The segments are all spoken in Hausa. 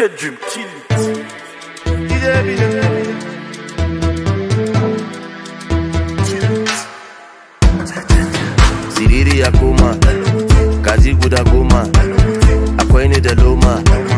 Catch dream, kill it. Siriri Akuma, Kazi Gudagoma, Akwaini Deloma.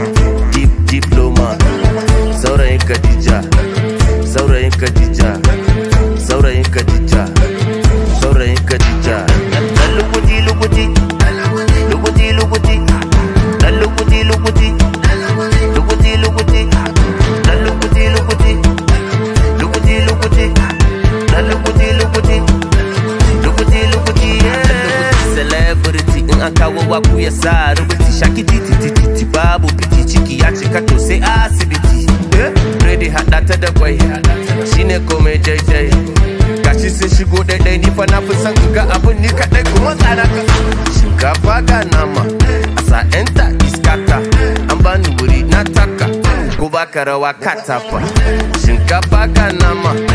wa saru rubuci shaki titi babu biti ciki ya cika to a ah, asibiti eh, Ready hada ta da shine shine komai daidai kashi se shigo daidai ni fa na fi san ga abu ni kaɗai kuma tsara ka shinkafa ga nama asa enta iskata an bani wuri na taka ko katafa shinkafa ga nama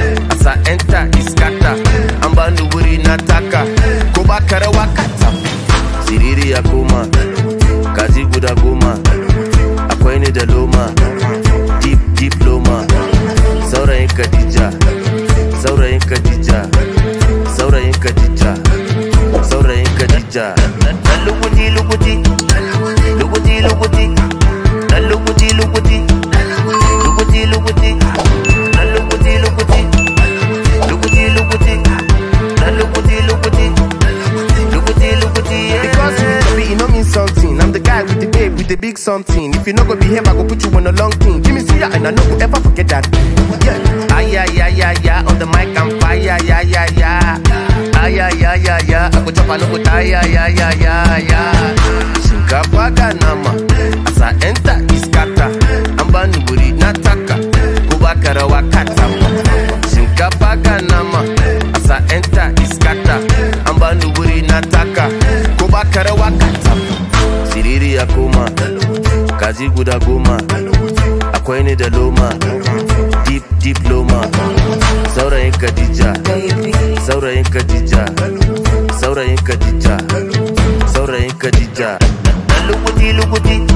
the big something. If you not go behave, I go put you on a long thing. Jimmy see ya, and I no go ever forget that. Yeah. Ay, yeah yeah, ay, ay, on the mic I'm fire, yeah, yeah, yeah. Ah yeah yeah yeah yeah, I go chop, and I go tie, yeah, yeah, yeah, yeah, yeah. Shinkapa nama, as I enter this kata, I'm banu buri nataka, kubakara wakata. Shinkapa ganama, as I enter this kata, I'm banu buri nataka, kubakara wakata. siriri ya koma kazi guda goma akwai ni da loma deep diploma saurayin kadija saurayin kadija saurayin kadija saurayin kadija lukuti